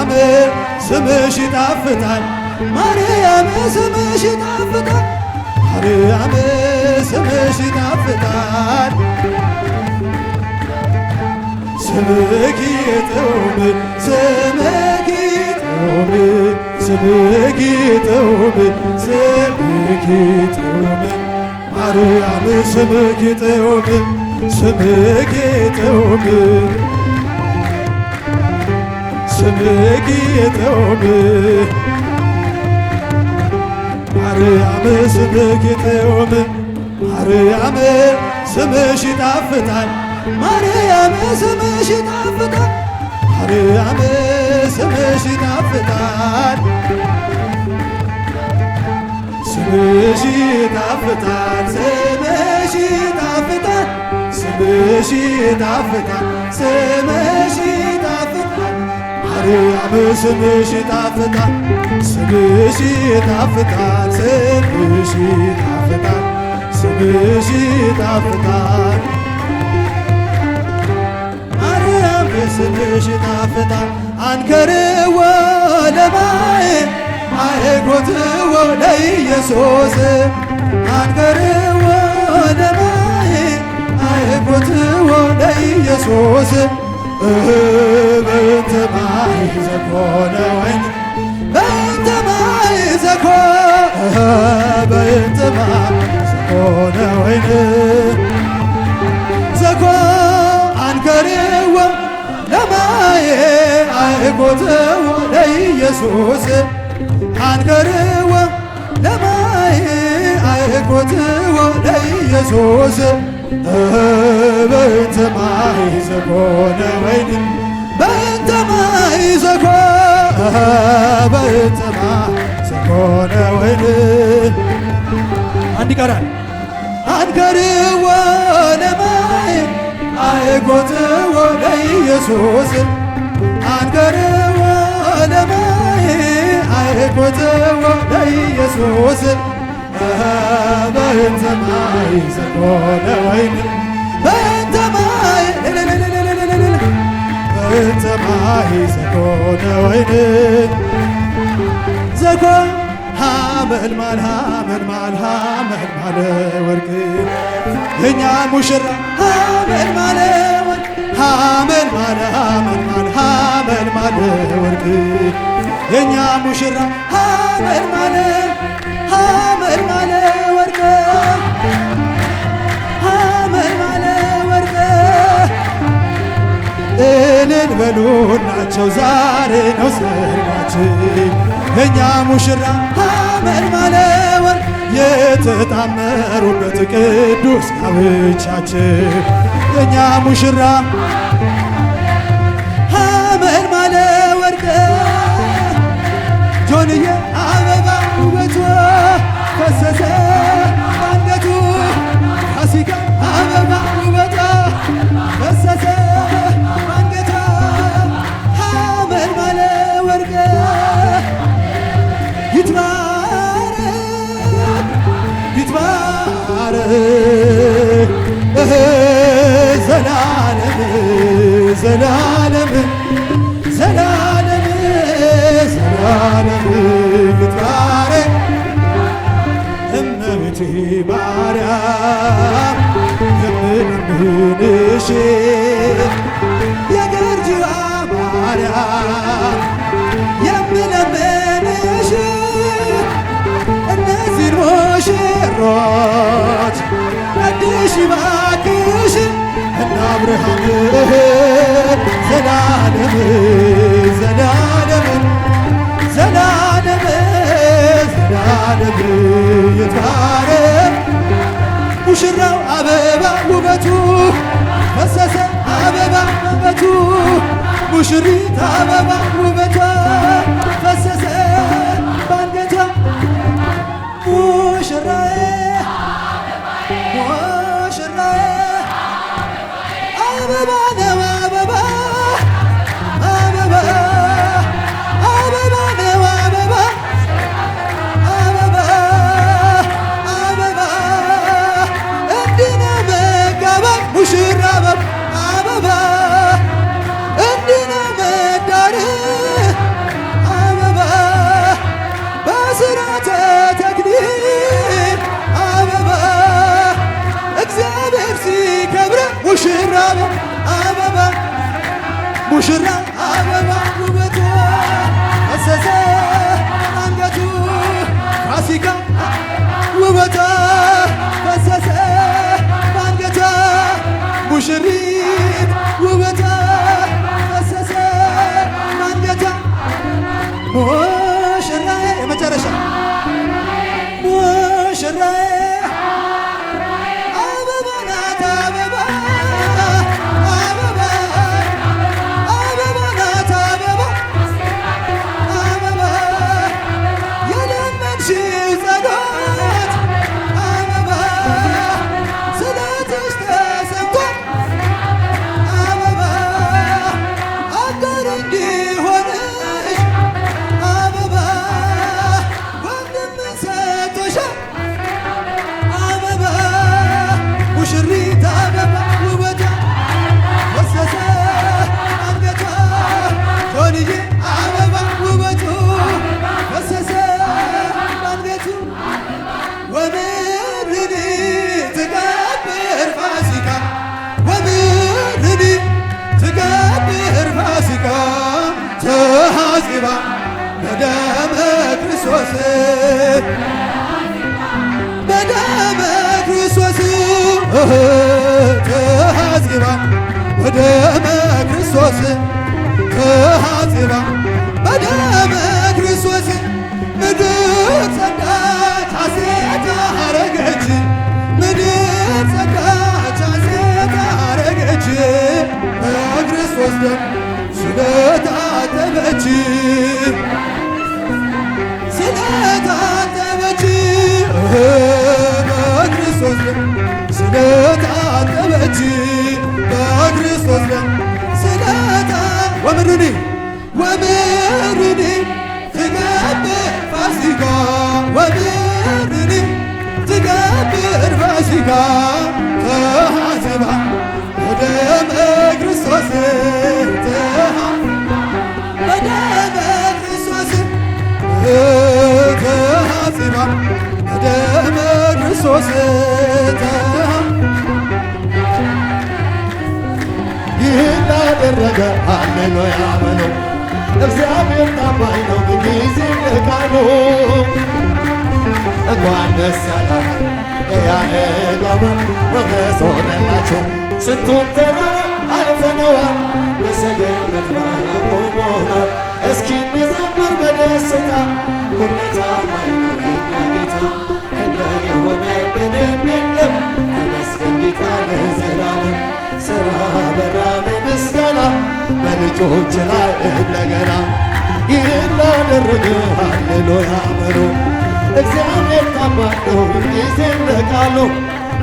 ማርያም ስምሽ ይጣፍጣል ማርያም ስምሽ ይጣፍጣል ማርያም ስምሽ ይጣፍጣል ስምኪ ጥዑም ስምኪ ጥዑም ስምኪ ጥዑም ስምኪ ጥዑም ማርያም ስምኪ ጥዑም ስምኪ ጥዑም ስምህ ጌጠውም አርያም ስምህ ጌጠውም አርያም ስምሽ ይጣፍጣል ማርያም ስምሽ ይጣፍጣል ማርያም ስምሽ ይጣፍጣል ስምሽ ይጣፍጣል ስምሽ ይጣፍጣል ስምሽ ይጣፍጣል ስምሽ ይጣፍጣል ማርያም ስምሽ ይጣፍጣል፣ ስምሽ ይጣፍጣል፣ ስምሽ ይጣፍጣል፣ ስምሽ ይጣፍጣል። ማርያም ስምሽ ይጣፍጣል። አንከርዎ ለማየ አየጎትዎ ለኢየሱስ አንከርዎ ለማየ አየጎትዎ ለኢየሱስ በአንተ ማዕዘን ሆነወኝ በአንተ ማዕዘን በአንተ ማዕዘን ሆነወኝ ዘኮ አንከርወም ለማየ አይጎተው ለኢየሱስ አንከርወም ለማየ አይጎተው ለኢየሱስ በእንተ ማይዘኮነ ወይኒ በእንተ ማይዘኮ በእንተ ማይዘኮነ አንድ ይቀራል አንከርዎ ለማይ አይጎትዎ ለኢየሱስ አንከርዎ ለማይ አይጎትዎ ለኢየሱስ በእንተ ሰማይ ዘኮነ ወይን ዘኮን ሃመልማል ሃመልማል ሃመልማለ ወርቅ እኛ ሙሽራ ሃመልማለ ወርቅ ሃመልማለ ሃመልማል ሃመልማለ ወርቅ እኛ ሙሽራ ሃመልማለ ሃመልማለ እልል በሉ ናቸው ዛሬ ነው ሰርጋችን። እኛ ሙሽራ አመልማለ ወርቅ የተጣመሩበት ቅዱስ ጋብቻችን እኛ ሙሽራ አመልማለ ወርቅ ጆንዬ አበባ ውበቷ ፈሰሰ ዘላለም ዘላለም ዘላለም ዘላለም ልትባረ እመቤቴ ማርያም የምንንሽ የገርጂዋ ማርያም የምለምንሽ እነዚህ ሮሽሮች አዲሽ አብረህ ዘላለም ዘላለም ዘላለም ዘላለም የታረ ሙሽራው አበባ ውበቱ ፈሰሰ አበባ ውበቱ ሙሽሪት አበባ ውበቷ ፈሰሰ በደመ ክርስቶስ ከሐዜባ በደመ ክርስቶስ ምድር ጸዳች ሐሴት አረገች ምድር ጸዳች ሐሴት አረገች በክርስቶስ ደም ስለታጠበች ወበርኒ ትገብር ፋሲካ ወበርኒ ወደመ ክርስቶስ ወደመ ክርስቶስ ተሃሰባ ወደመ ክርስቶስ ይህን አደረገ ሃሌሉያ በለው እግዚአብሔር ታማኝ ነው ጊዜ ቃሉ እንኳን ደስ ያላችሁ ያለ ላባ ሞገስ ሆነላችሁ ስንቱን ተራ አልፈነዋል በሰገነት ቆሞናል እስኪ እንዘምር በደስታ ሁሌ ታማኝ ነው የእኛ የሆነ እንደኔ የሆነብንም የለም ተመስገን ጌታ ለዘላለም ስራ በራ በምስጋና በልጆች ላይ እንደገና ይህን ላደረገ ሃሌሉያ በሉ። እግዚአብሔር ታማኝ ነው፣ ጊዜን ለቃለሁ።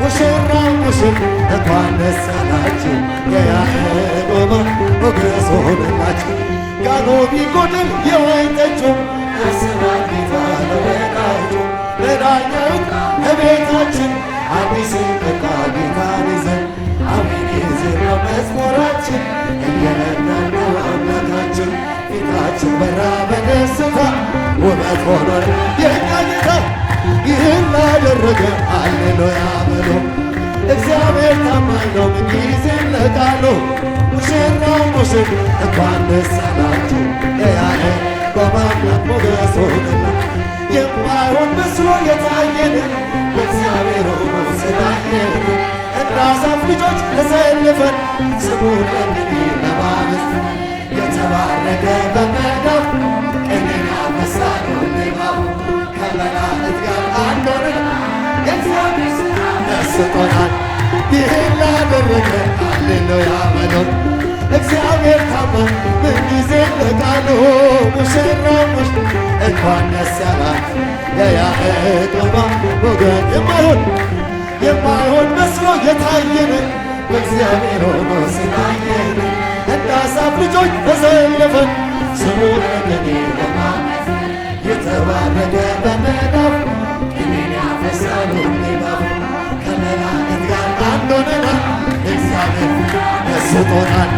ሙሽራው ሙሽር እንኳን ደስ አላችሁ። የያዕቆብ ባል ሞገስ ሆነላችሁ። ጋኖ ቢጎድል የወይን ጠጁ አስባት ጌታ ለወዳጁ ለዳኛው ለቤታችን አዲስ መዝሙራችን እየለናነው አምላካችን ፊታችን በራ በደስታ ውበት ሆኗል የእኛ ይህን ላደረገ ሃሌሉያ በሉ። እግዚአብሔር ታማኝ ነው፣ ምንጊዜም ለቃሉ ሙሽራው ሙሽር እንኳን ደስ አላችሁ ያለ በማምላክ ሞገስ ሆነና የማይሆን መስሎ የታየን በእግዚአብሔር ሆኖ ስላየን ለአሳፍ ልጆች ተሰልፈን ስሙን ለማመስ የተባረከ በመዳፍ ቀኝና መሳሉ ንባቡ ከመላእክት ጋር አንዶንን የእግዚአብሔር ስራ መስጦናል። ይህን ላደረገ ሃሌሉያ መኖር እግዚአብሔር ታማኝ ምንጊዜ ለቃሉ ሙሽራሞች እንኳን ነሰራት የያዕቆባ ወገን የማይሆን የማይሆን መስሎ የታየን በእግዚአብሔር ሆኖ ስናየን እንዳሳፍ ልጆች ተሰለፈን ስሙን ለእኔ ለማመን የተባረከ በመዳፍ ቅኔን ያፈሳሉ ሌባፍ ከመላእክት ጋር አንድ ሆነናል። እግዚአብሔር ያስጦታል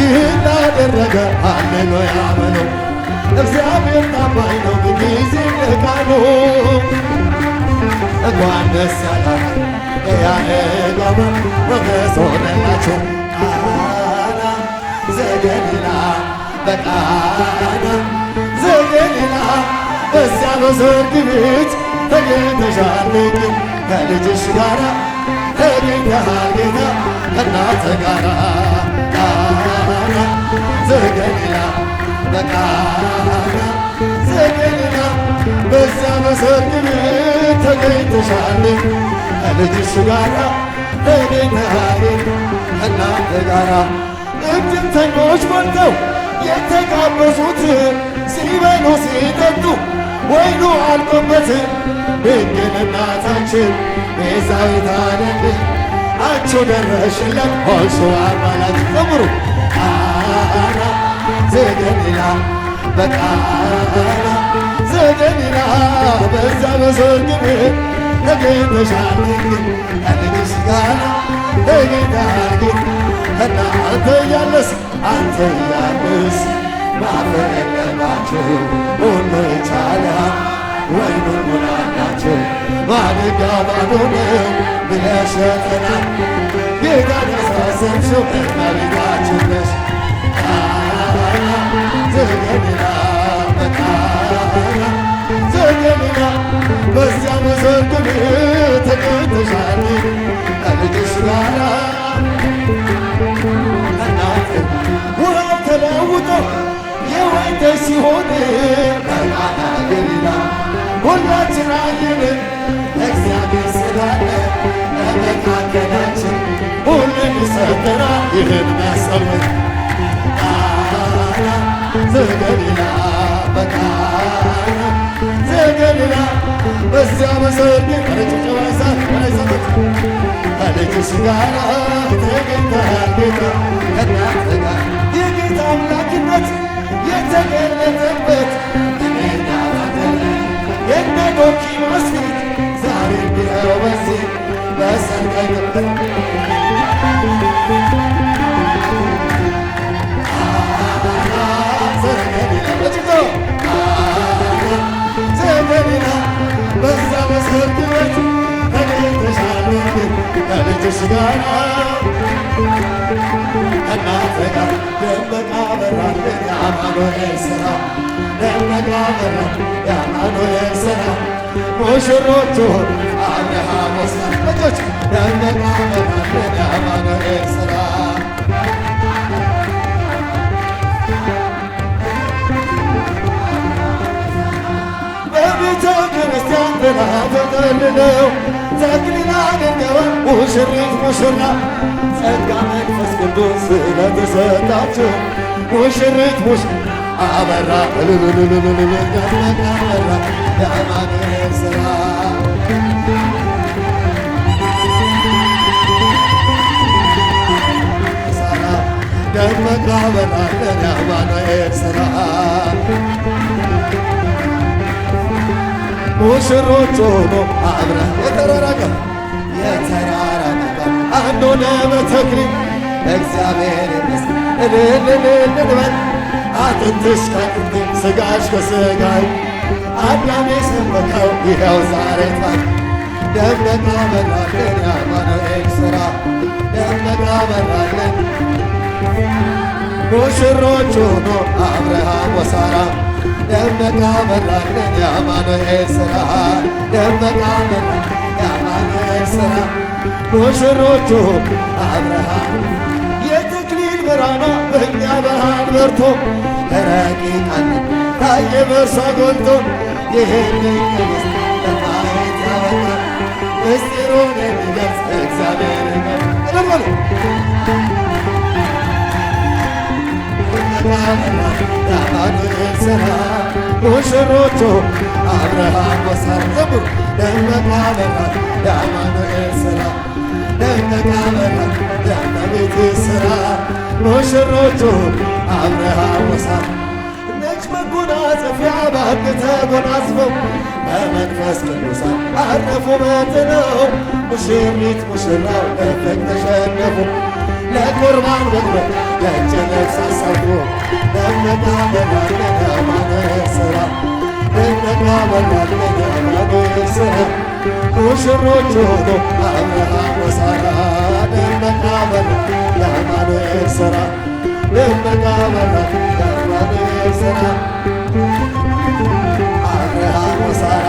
ይህን ላደረገ ሃሌሉያ በለው። እግዚአብሔር ታማኝ ነው፣ ጊዜ ልቃሉ እንኳን ደስ ያላ ያዕቆብ ወፈሶረላቸው ቃና ዘገሊላ በቃና ዘገሊላ በዚያ በሰርግ ቤት ተገኝተሻለኝ ከልጅሽ ጋራ ተገኝተሃል ጌታ ከእናተ ጋራ ቃና ዘገሊላ በቃና ዘገሊላ በዚያ በሰርግ ቤት ተገኝተሻለኝ ከልጅሽ ጋራ እኔና እናንተ ጋራ እድምተኞች በልተው የተጋበዙት ሲበሉ ሲጠጡ ወይኑ አልቆበት ድንግል እናታችን ቤዛዊተ ዓለም አንቺ ደረሽለት ሆንሶ አባላት ዘምሩ ቃና ዘገሊላ በቃና ዘገሊላ በዛ በሰርግ እናንተ እያለስ አንተ እያለስ ማፈር የለባችሁ ሁሉ የቻለ ወይኑ ባዶ ጌታን ያሳሰብሽው እመቤታችን ፍቅር ተገኝተሻል ሲሆን ሁላችን አየን እግዚአብሔር ስላለ በመካከላችን ሁሉን ይሰጠናል ይህን ያሰብን በዚያ መሰቤ ከነጭጨዋሳ ከነሰበት ከልጅ ስጋራ ተገኝተሃል ቤታ ከእናንተ ጋር የጌታ አምላክነት የተገለጠበት እኔና የነ ዛሬ ቢኸው በዚህ በሰርቀ ምስጋና ብላ ተጠልለው ተክሊ አገኘወን ሙሽሪት ሙሽራ ጸጋ መንፈስ ቅዱስ ስለተሰጣችሁ ሙሽሪት ሙሽ አበራ ልልልልልልልበራ የአማኑኤል ሥራ ደመቃ ከተራራ አንድ ሆነ በተክሊል እግዚአብሔር ይመስገን እልልልልልበል አጥንትሽ ከአጥንቴ ሥጋሽ ከሥጋዬ አዳም የሰበከው ይኸው ዛሬ ጣት ደምቀ በራልን የአማኑኤል ሥራ ደምቀ በራልን ሙሽሮች ሆኖ አብርሃም ወሳራ ደምቀ በራልን የአማኑኤል ሥራ ደምቀ በራልን ስራ ሙሽሮቹ አብርሃም የተክሊል ብራና በእኛ ብርሃን በርቶ ረቂቃን ታየ በእርሷ ጎልቶ ይህን ለማየት ያበቃ ምስጢሩን የሚገልጽ እግዚአብሔር ልምሉ ሙሽሮቹ አብርሃም ወሳር ዘምሩ دمك عبرك يا عمانوئيل سلام دمك عبرك يا حبيبتي مش مشرته عمرها وصام نجم قناصف يا عباد كتاب عرفوا ما مش يميت بهجتها قناصفهم በመንፈስ ቅዱሳን አረፉ በትነው ሙሽሪት ሙሽራው በፍቅር ተሸነፉ ለቁርባን መቅረብ ለጀነት ሳሳቱ ደመቃ በማድረግ አማነ ስራ ደመቃ በማድረግ ታደሰ ሙሽሮች ሆኖ አብርሃም ወሳራ ደመቀ በራ የሃይማኖት ሥራ ደመቀ በራ የሃይማኖት ሥራ አብርሃም ወሳራ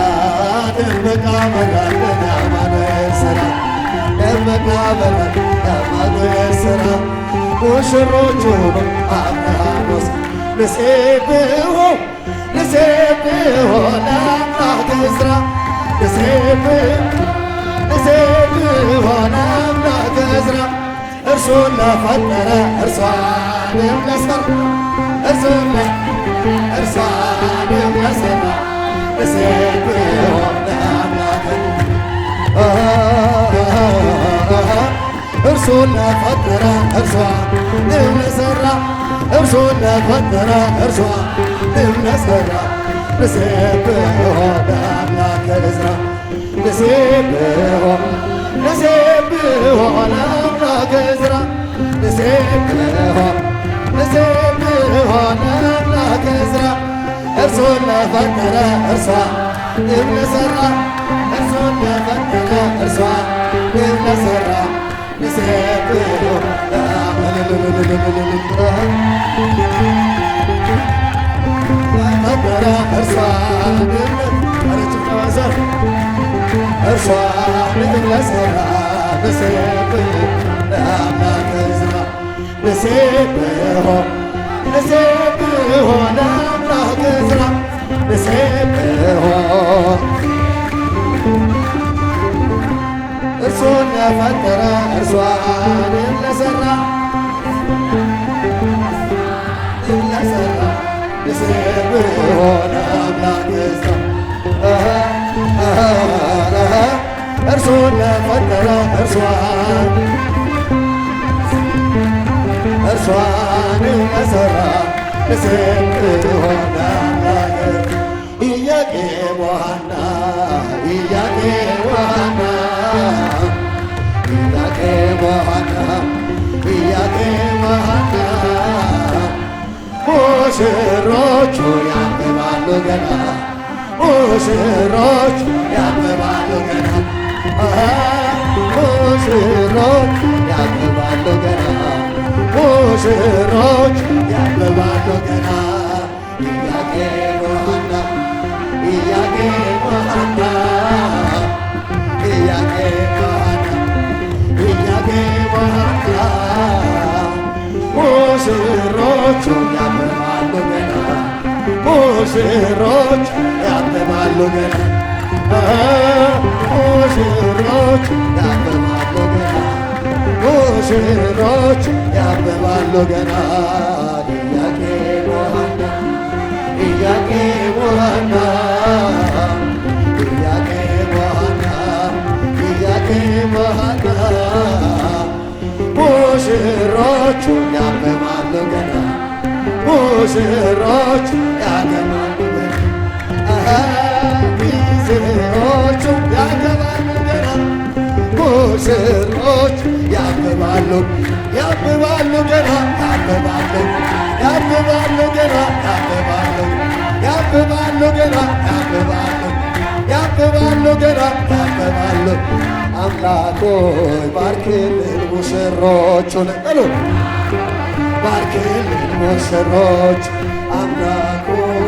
ደመቀ በራ የሃይማኖት ሥራ ደመቀ በራ የሃይማኖት ሥራ ሙሽሮች ሆኖ አብርሃም ወሳ ንሴ ብሆ ለአምላክ ስራ በሰይፍ በሰይፍ ሆነ አምላከ ዕዝራ እርሱን ለፈጠረ እርሷንም ለሠራ እርሱን እርሷንም ለሠራ በሰይፍ ሆነ አምላከ እርሱን ለፈጠረ እርሷንም ለሠራ እርሱን ለፈጠረ እርሷንም ለሠራ በሰይፍ ሆነ ለስራ ንሴብሖም ንሴብሖም ለአምላከ ዕዝራ ንሴብሖም ንሴብሖም ለአምላከ ዕዝራ እርሱን ለፈጠረ እርሷ እምነሰራ እርሱን ለፈጠረ እርሷ እምነሰራ ንሴብሖም ነበረ እርሷ እርሷ ለስራ ንሴብ ለሰራ እርሱን ለፈጠረ እርሷን እርሷን ለሠራ ምስክር ሆነ ኢያቄም ወሐና ኢያቄም ወሐና ኢያቄም ወሐና ኢያቄም ወሐና ሙሽሮቹ ያብባሉ ገና ሙሽሮቹ ገና ሙሽሮች ያበባሉ ገና ሙሽሮች ያበባሉ ገና ኢያቄም ወሐና ኢያቄም ወሐና ኢያቄም ወሐና ኢያቄም ወሐና ሙሽሮቹ ያበባሉ ገና ሙሽሮቹ ስሮች ያብባሉ ያብባሉ ገና ያብባሉ ያብባሉ ገና ያብባሉ ያብባሉ ገና ያብባሉ ያብባሉ ገና ያብባሉ አምላኮይ ባርክልን ሙሽሮቹን በሉ ባርክልን ሙሽሮች አምላኮይ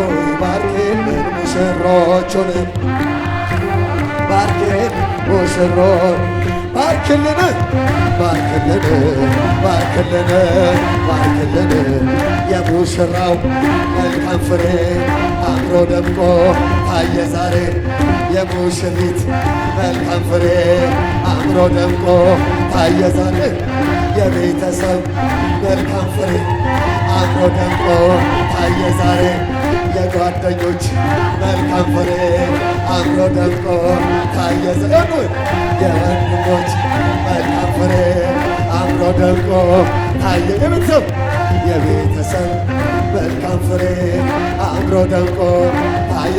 ባርክልን ሙሽሮቹን ባርክልን ሙሽሮች ባርክልን ባርክልን ባርክልን ባርክልን የሙሽራው መልካም ፍሬ አምሮ ደምቆ ታየ ዛሬ የሙሽሪት መልካም ፍሬ አምሮ ደምቆ ታየ ዛሬ የቤተሰብ መልካም ፍሬ አምሮ ደምቆ ታየ ዛሬ የጓደኞች መልካም ፍሬ አምሮ ደምቆ ታየ ዘኑ የወንድሞች መልካም ፍሬ አምሮ ደምቆ ታየ የቤተሰብ የቤተሰብ መልካም ፍሬ አምሮ ደምቆ ታየ